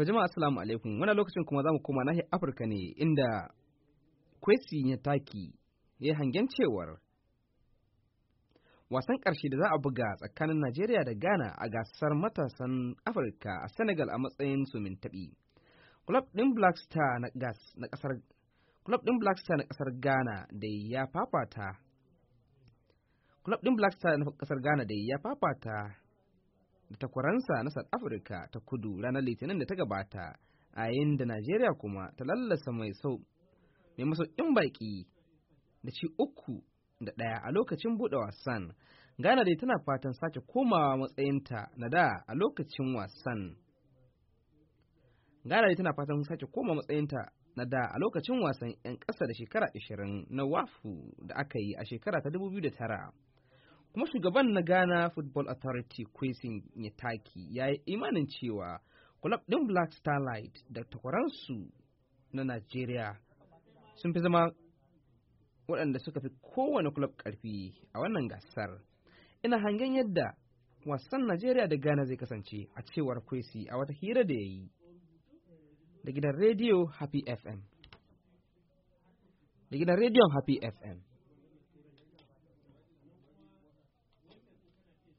To jama'a assalamu alaikum wani lokacin kuma za mu koma nahiyar Afirka ne inda Kwesi ya taki ya hangen cewar wasan karshe da za a buga tsakanin Najeriya da Ghana a gasar matasan Afirka a Senegal a matsayin su min taɓi. Club ɗin Black Star na ƙasar ɗin Black Star na Ghana da ya fafata Club ɗin Black na ƙasar Ghana da ya fafata da takwaransa na South Africa ta kudu ranar Litinin da ta gabata a yayin da Najeriya kuma ta lallasa mai sau mai masaukin baƙi da ci uku da ɗaya a lokacin buɗe wasan. Ghana dai tana fatan sake komawa matsayinta na da a lokacin wasan. Ghana dai tana fatan sake koma matsayinta na da a lokacin wasan 'yan ƙasa da shekara 20 na wafu da aka yi a shekara ta 2009. kuma shugaban na Ghana Football Authority Kwesi Nyataki ya yi imanin cewa kulab ɗin Black Starlight da takwaransu na Najeriya sun fi zama waɗanda suka fi kowane kulab ƙarfi a wannan gasar. Ina hangen yadda wasan Najeriya da Ghana zai kasance a cewar Kwesi a wata hira da ya yi da gidan rediyo Da gidan rediyon Happy FM.